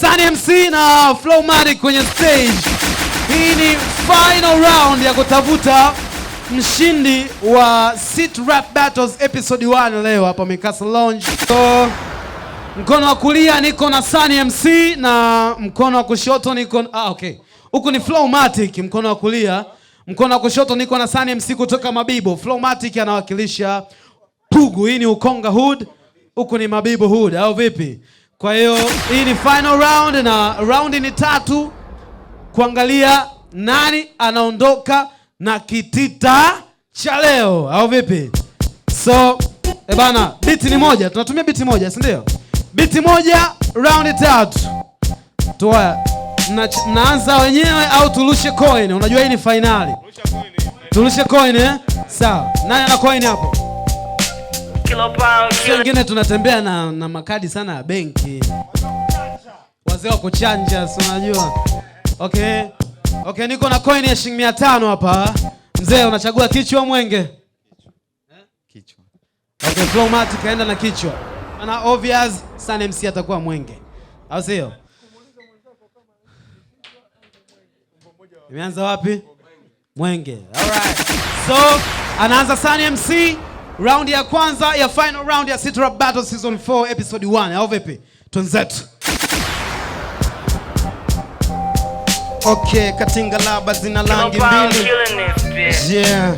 Sani MC na Flowmatic kwenye stage. Hii ni final round ya kutafuta mshindi wa Sit Rap Battles episode 1 leo hapa Mikasa Lounge. So, mkono wa kulia niko na Sani MC na mkono wa kushoto niko ah, okay. Huku ni Flowmatic mkono wa kulia, mkono wa kushoto niko na Sani MC kutoka Mabibo. Flowmatic anawakilisha Pugu. Hii ni Ukonga Hood, huku ni Mabibo Hood au vipi? Kwa hiyo hii ni final round na raundi ni tatu kuangalia nani anaondoka na kitita cha leo au vipi? So e bana, biti ni moja, tunatumia biti moja, si ndio? Biti moja, raundi tatu. Toa na, naanza wenyewe au turushe coin? Unajua hii ni finali. Turushe eh. coin eh? Sawa. Nani ana coin hapo? wengine tunatembea na, na makadi sana ya benki, wazee wako chanja, si unajua okay. Okay, niko na coin ya shilingi 500 hapa. Mzee, unachagua kichwa mwenge? Kichwa. Okay, Flowmatic kaenda na kichwa. Maana obvious sana MC atakuwa mwenge. Au sio? Imeanza wapi? Mwenge. All right. So, anaanza sana MC Raundi ya kwanza ya final round ya Citra Battle season 4 episode 1. Au vipi? Tunzetu. Okay, katinga laba zina langi mbili. Yeah.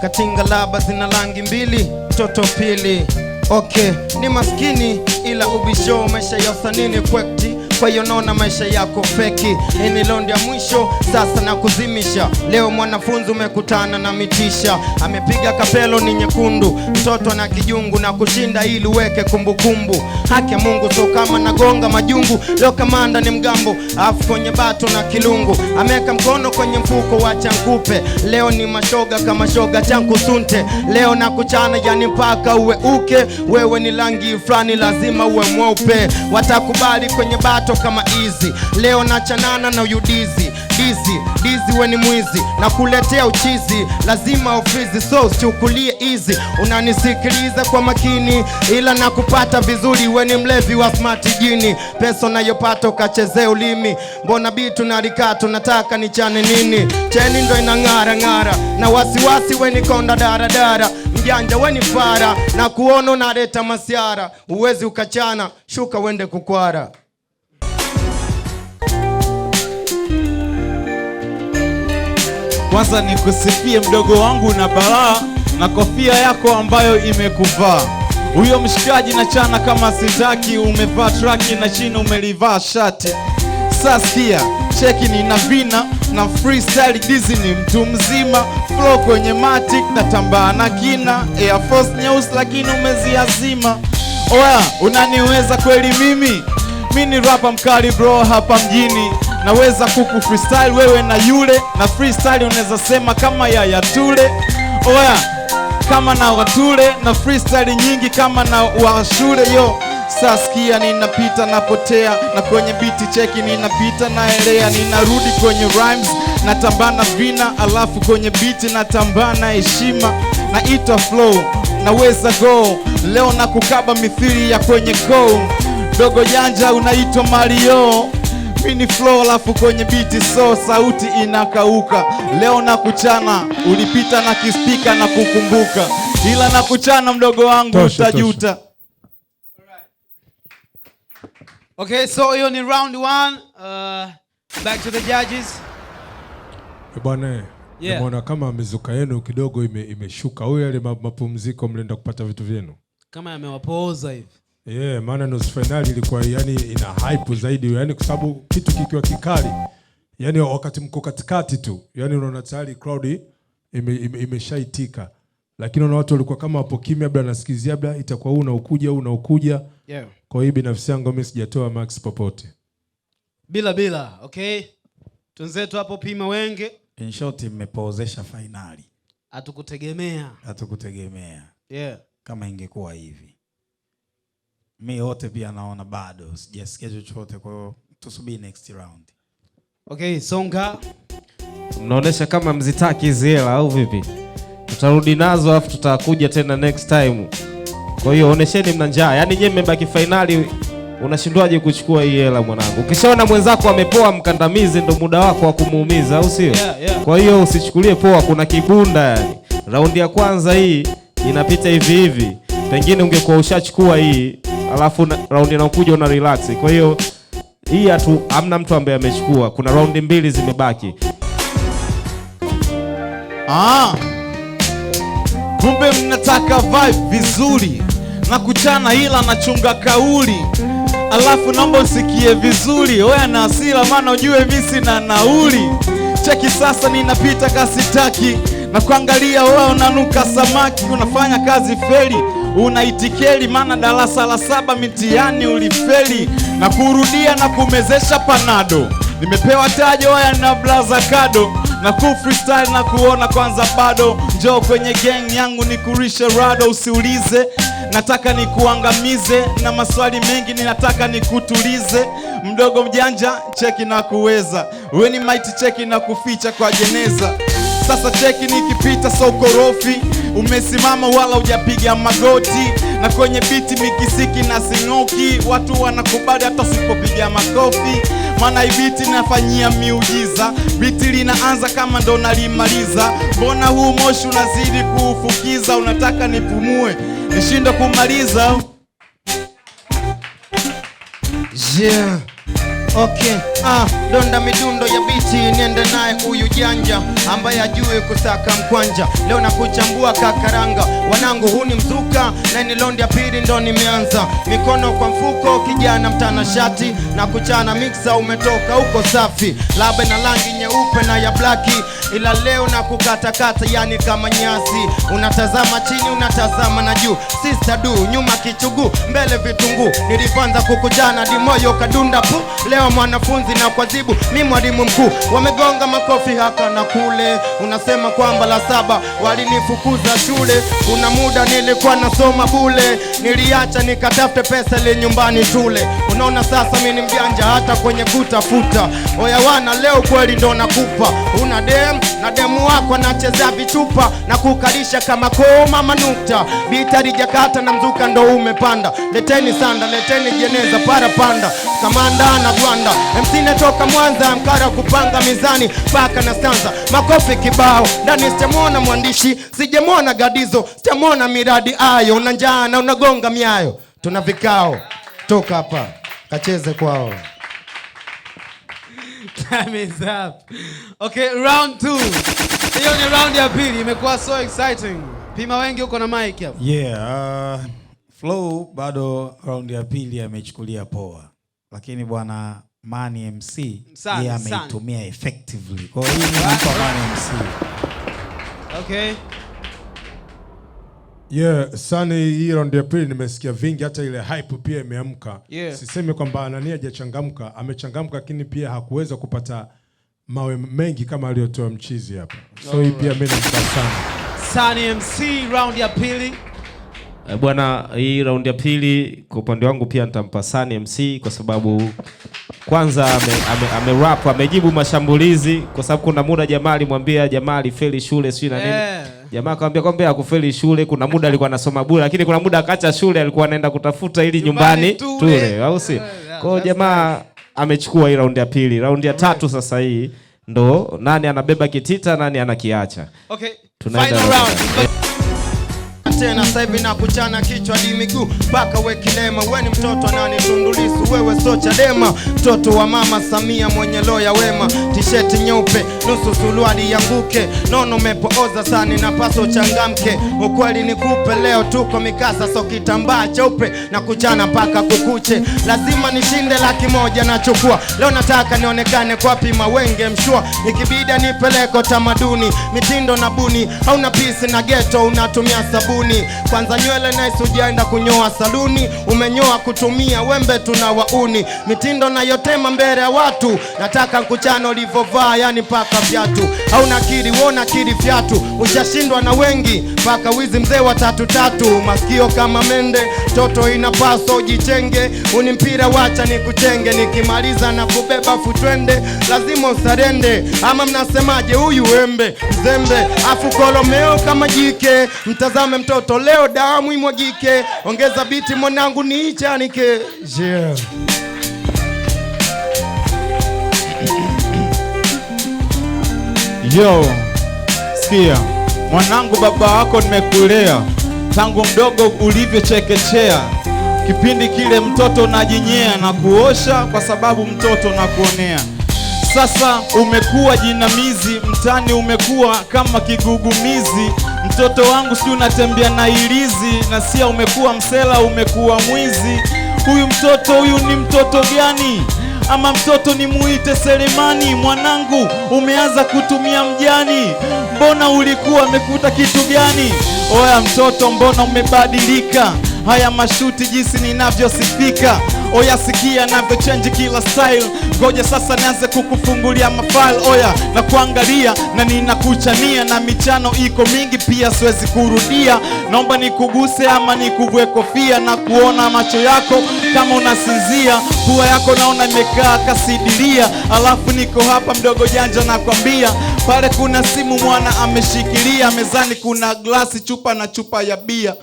Katinga laba zina langi mbili, toto pili. Okay, ni maskini ila ubisho maisha ya sanini kwekti kwa hiyo naona maisha yako feki, inilondia ndio mwisho sasa na kuzimisha. Leo mwanafunzi umekutana na mitisha, amepiga kapelo ni nyekundu, mtoto na kijungu na kushinda ili uweke kumbukumbu. Haki ya Mungu so kama nagonga majungu, leo kamanda ni mgambo afu kwenye bato na kilungu, ameweka mkono kwenye mfuko wa chankupe. Leo ni mashoga kama shoga chanku sunte, leo na kuchana yani mpaka uwe uke, wewe ni rangi fulani lazima uwe mweupe, watakubali kwenye bato nzito kama hizi. Leo nachanana na uyudizi dizi dizi, we ni mwizi na kuletea uchizi, lazima ufizi, so usichukulie hizi. Unanisikiliza kwa makini, ila nakupata vizuri, we ni mlevi wa smart jini. Pesa unayopata ukachezea ulimi, mbona bitu narikaa, tunataka nichane nini? Cheni ndo inang'ara ng'ara na wasiwasi, we ni konda daradara mjanja we ni fara na kuona unaleta masiara, uwezi ukachana, shuka wende kukwara. Kwanza nikusifie mdogo wangu na balaa na kofia yako ambayo imekuvaa huyo mshikaji na chana kama sitaki, umevaa traki na chini umelivaa shati. Saskia cheki ni vina na freestyle dizi ni mtu mzima, flow kwenye matic na tambaa na kina, Air Force nyeusi lakini umeziazima. Oya, unaniweza kweli mimi? Mi ni rapa mkali bro hapa mjini naweza kuku freestyle wewe na yule na freestyle unaweza sema kama ya yatule oya kama na watule na freestyle nyingi kama na washule yo Saskia ninapita napotea, na kwenye biti cheki ninapita naelea, ninarudi kwenye rhymes natambana vina, alafu kwenye biti natambana heshima, naita flow naweza go leo na kukaba mithiri ya kwenye go dogo janja unaitwa Mario spin flow alafu kwenye biti so sauti inakauka. Leo na kuchana ulipita na kispika na kukumbuka, ila na kuchana mdogo wangu utajuta. Okay, so hiyo ni round one. Uh, back to the judges. Eh, bwana eh, yeah. Nimeona kama mizuka yenu kidogo imeshuka ime, huyo yale mapumziko mlienda kupata vitu vyenu kama yamewapooza hivi yeah, maana nusu fainali ilikuwa yani ina hype zaidi yani, kwa sababu kitu kikiwa kikali yani wakati mko katikati tu yani unaona tayari crowd imeshaitika ime, ime lakini na watu walikuwa kama hapo kimya, labda nasikizia, labda itakuwa huu unaokuja huu unaokuja yeah. Kwa hiyo binafsi yangu mimi sijatoa max popote bila bila. Okay, tunzetu hapo pima wenge, in short mmepozesha finali. hatukutegemea hatukutegemea yeah. Kama ingekuwa hivi mi wote pia naona bado sijasikia chochote, kwa hiyo tusubiri next round. Okay, songa. Mnaonesha kama mzitaki zela au vipi? Tutarudi nazo alafu tutakuja tena next time. Kwa hiyo onesheni mna njaa. Yaani je, mmebaki fainali unashindwaje kuchukua hii hela mwanangu? Ukishaona mwenzako amepoa mkandamizi, ndo muda wako wa kumuumiza, au sio? Yeah, yeah. Kwa hiyo usichukulie poa, kuna kibunda yani. Raundi ya kwanza hii inapita hivi hivi, pengine ungekuwa ushachukua hii alafu raundi inaokuja una relax. Kwa hiyo hii hatu amna mtu ambaye amechukua, kuna raundi mbili zimebaki. Ah, kumbe mnataka vibe vizuri na kuchana, ila nachunga kauli, alafu naomba usikie vizuri. Oya na asila, maana ujue visi na nauli. Cheki sasa, ninapita kasi taki na kuangalia, wewe unanuka samaki, unafanya kazi feli unaitikeli mana darasa la saba mitihani ulifeli na kurudia na kumezesha panado nimepewa tajo waya na blaza kado na ku freestyle na kuona kwanza bado njoo kwenye gang yangu nikurishe rado usiulize nataka nikuangamize na maswali mengi ninataka nikutulize mdogo mjanja cheki na kuweza weni maiti cheki na kuficha kwa jeneza sasa cheki nikipita soko rofi, umesimama wala ujapiga magoti, na kwenye biti mikisiki na singoki watu wanakubali hata usipopiga makofi, mana ibiti nafanyia miujiza. Biti linaanza kama ndo nalimaliza, mbona huu moshi unazidi kuufukiza? Unataka nipumue nishindo kumaliza, yeah. Okay, ah, donda midundo ya biti niende naye huyu janja ambaye ajui kusaka mkwanja. Leo nakuchambua kakaranga, wanangu huni mzuka na ni londi ya pili ndo nimeanza. Mikono kwa mfuko, kijana mtanashati na kuchana mixa, umetoka huko safi, laba na rangi nyeupe na ya blaki, ila leo na kukatakata, yani kama nyasi. Unatazama chini, unatazama na juu, sister du nyuma kichugu, mbele vitunguu. Nilipoanza kukujana dimoyo kadunda pu leo leo mwanafunzi na kwa mi mwalimu mkuu. Wamegonga makofi haka na kule, unasema kwamba la saba walinifukuza shule. Kuna muda nilikuwa nasoma bule, niliacha nikatafute pesa le nyumbani shule unaona sasa mi ni mjanja hata kwenye kutafuta. Oya wana, leo kweli ndo nakupa una dem na demu wako anachezea vichupa na kukalisha kama koma manukta bitari jakata na mzuka ndo umepanda. Leteni sanda, leteni jeneza, para panda kamanda na gwanda MC natoka Mwanza mkara kupanga mizani paka na stanza makofi kibao ndani sijamwona mwandishi sijamwona gadizo sijamwona miradi ayo unanjana unagonga miayo tuna vikao toka hapa kacheze kwao. Time is up. Okay, round two. Hiyo ni round ya pili, imekuwa so exciting. Pima wengi uko na mic hapo. Yeah, uh, Flow bado round ya pili amechukulia poa. Lakini bwana Mani MC yeye ameitumia effectively. Kwa hiyo ni kwa Mani MC. Okay. Yeah, Sani hilo ndio pili nimesikia vingi hata ile hype pia imeamka. Yeah. Sisemi kwamba Anania hajachangamka, amechangamka lakini pia hakuweza kupata mawe mengi kama aliyotoa mchizi hapa. So hii pia mimi sana. Sunny MC round ya pili. Eh, Bwana, hii round ya pili kwa upande wangu pia nitampa Sunny MC kwa sababu kwanza ame, ame, ame rap, amejibu mashambulizi kwa sababu kuna muda jamaa alimwambia jamaa alifeli shule sio na nini. Yeah. Jamaa akamwambia kwamba akufeli shule, kuna muda alikuwa anasoma bure, lakini kuna muda akaacha shule, alikuwa anaenda kutafuta ili nyumbani eh. tule, au si? Eh, Kwa hiyo jamaa amechukua hii raundi ya pili. Raundi ya tatu sasa hii ndo nani anabeba kitita, nani anakiacha. Okay. final round tena sasa hivi na kuchana kichwa di miguu mpaka we kilema. We ni mtoto anani Tundulisu, wewe so Chadema, mtoto wa mama Samia mwenye loya wema, tisheti nyeupe nusu suruali ya nguke nono, umepooza sana paso changamke, Ukweli ni kupe leo, tuko mikasa, so kitambaa cheupe na kuchana mpaka kukuche. Lazima nishinde laki moja nachukua leo, nataka nionekane kwa pima wenge mshua, nikibida nipeleko tamaduni mitindo na buni, hauna pisi na geto unatumia sabuni saluni, kwanza nywele nice, ujaenda kunyoa saluni, umenyoa kutumia wembe tuna wauni, mitindo nayotema mbele ya watu, nataka nkuchana ulivovaa, yani paka vyatu, hauna kiri wona kiri vyatu, ushashindwa na wengi, paka wizi mzee wa tatu tatu, masikio kama mende, toto inapaswa ujichenge, uni mpira wacha nikuchenge, nikimaliza na kubeba futwende, lazima usarende, ama mnasemaje? Huyu wembe zembe afu kolomeo kama jike, mtazame mto mtoto leo, damu imwagike, ongeza biti mwanangu, niichanike yeah. Yo, sikia mwanangu, baba wako nimekulea tangu mdogo ulivyochekechea, kipindi kile mtoto najinyea na kuosha kwa sababu mtoto na kuonea sasa umekuwa jinamizi mtani, umekuwa kama kigugumizi Mtoto wangu si unatembea na ilizi, na sia umekuwa msela, umekuwa mwizi. Huyu mtoto huyu ni mtoto gani? Ama mtoto ni muite Selemani? Mwanangu umeanza kutumia mjani, mbona ulikuwa umekuta kitu gani? Oya mtoto, mbona umebadilika? haya mashuti jinsi ninavyosifika oya, sikia navyochenji kila style. Ngoja sasa nianze kukufungulia mafile oya, na kuangalia na ninakuchania, na michano iko mingi pia siwezi kurudia. Naomba nikuguse ama nikuvue kofia na kuona macho yako kama unasinzia, pua yako naona imekaa kasidilia. Alafu niko hapa mdogo janja, nakwambia pale kuna simu mwana ameshikilia, mezani kuna glasi, chupa na chupa ya bia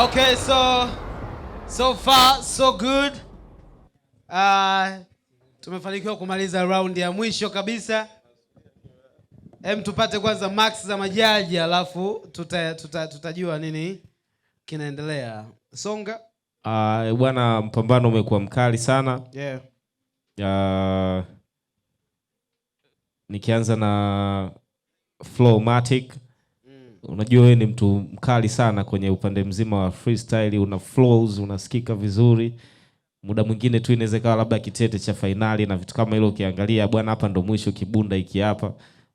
Okay, so so far so good. Uh, tumefanikiwa kumaliza round ya mwisho kabisa. Em, tupate kwanza max za majaji alafu tuta, tuta, tutajua nini kinaendelea. Songa. Uh, bwana, mpambano umekuwa mkali sana. Yeah. Uh, nikianza na Flowmatic Unajua wewe ni mtu mkali sana kwenye upande mzima wa freestyle, una flows, unasikika vizuri. Muda mwingine tu inaweza labda kitete cha fainali na vitu kama hilo, ukiangalia bwana, hapa ndo mwisho, kibunda iki hapa,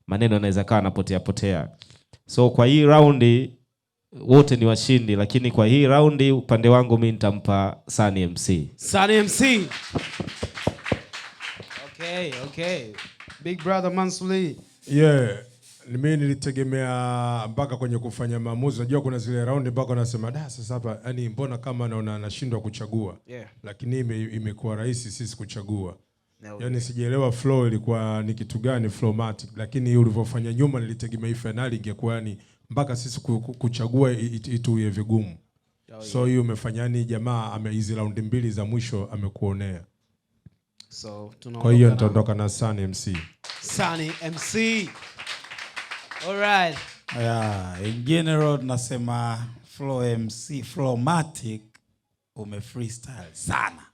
maneno yanaweza kawa napotea potea. So kwa hii raundi wote ni washindi, lakini kwa hii raundi upande wangu mi nitampa Sunny MC. Sunny MC. Okay, okay. Big brother Mansuli. Yeah mimi nilitegemea mpaka kwenye kufanya maamuzi, najua kuna zile raundi mpaka unasema da, sasa hapa yani, mbona kama naona anashindwa kuchagua yeah. Lakini ime, imekuwa rahisi sisi kuchagua no, yani yeah. sijaelewa flow ilikuwa ni kitu gani flowmatic, lakini ulivyofanya nyuma nilitegemea hii finali ingekuwa yani mpaka sisi kuchagua it, ituye vigumu oh, so hii yeah. Umefanya yani jamaa hizi raundi mbili za mwisho amekuonea so, kwa hiyo nitaondoka na Sunny MC. Sunny MC. Alright. Yeah, in general tunasema Flow MC, Flowmatic ume freestyle sana.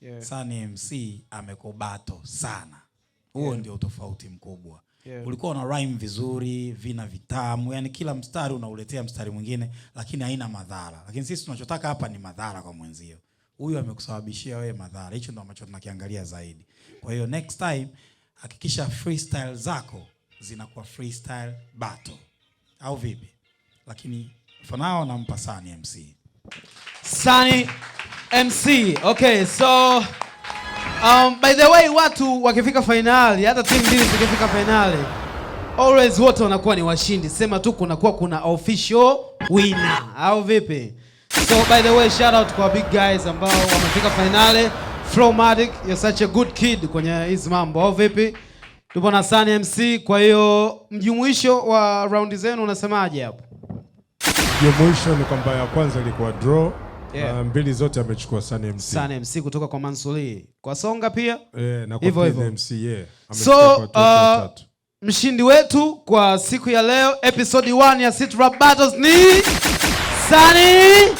Yeah. Sani MC amekobato sana. Huo yeah, ndio tofauti mkubwa. Yeah. Ulikuwa na rhyme vizuri, vina vitamu, yani kila mstari unauletea mstari mwingine lakini haina madhara. Lakini sisi tunachotaka hapa ni madhara kwa mwenzio. Huyu amekusababishia wewe madhara. Hicho ndio ambacho tunakiangalia zaidi. Kwa hiyo next time hakikisha freestyle zako zinakuwa freestyle battle, au vipi? Lakini fanao nampa Sani MC. Sani MC. Okay, so um, by the way watu wakifika finali, hata timu mbili zikifika finali, always wote wanakuwa ni washindi, sema tu kunakuwa kuna official winner, au vipi? So by the way shout out kwa big guys ambao wamefika finali. Flowmatic, you're such a good kid kwenye hizi mambo, au vipi? Tupo na Sani MC. Kwa hiyo mjumuisho wa raundi zenu unasemaje hapo? Mjumuisho ni kwamba ya kwanza ilikuwa draw Yeah. Uh, mbili zote amechukua Sani MC. Sani MC kutoka kwa Mansuri kwa Songa pia yeah, na kwa MC, yeah. So uh, mshindi wetu kwa siku ya leo episode 1 ya City Rap Battles ni Sani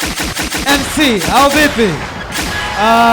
MC au vipi? Uh,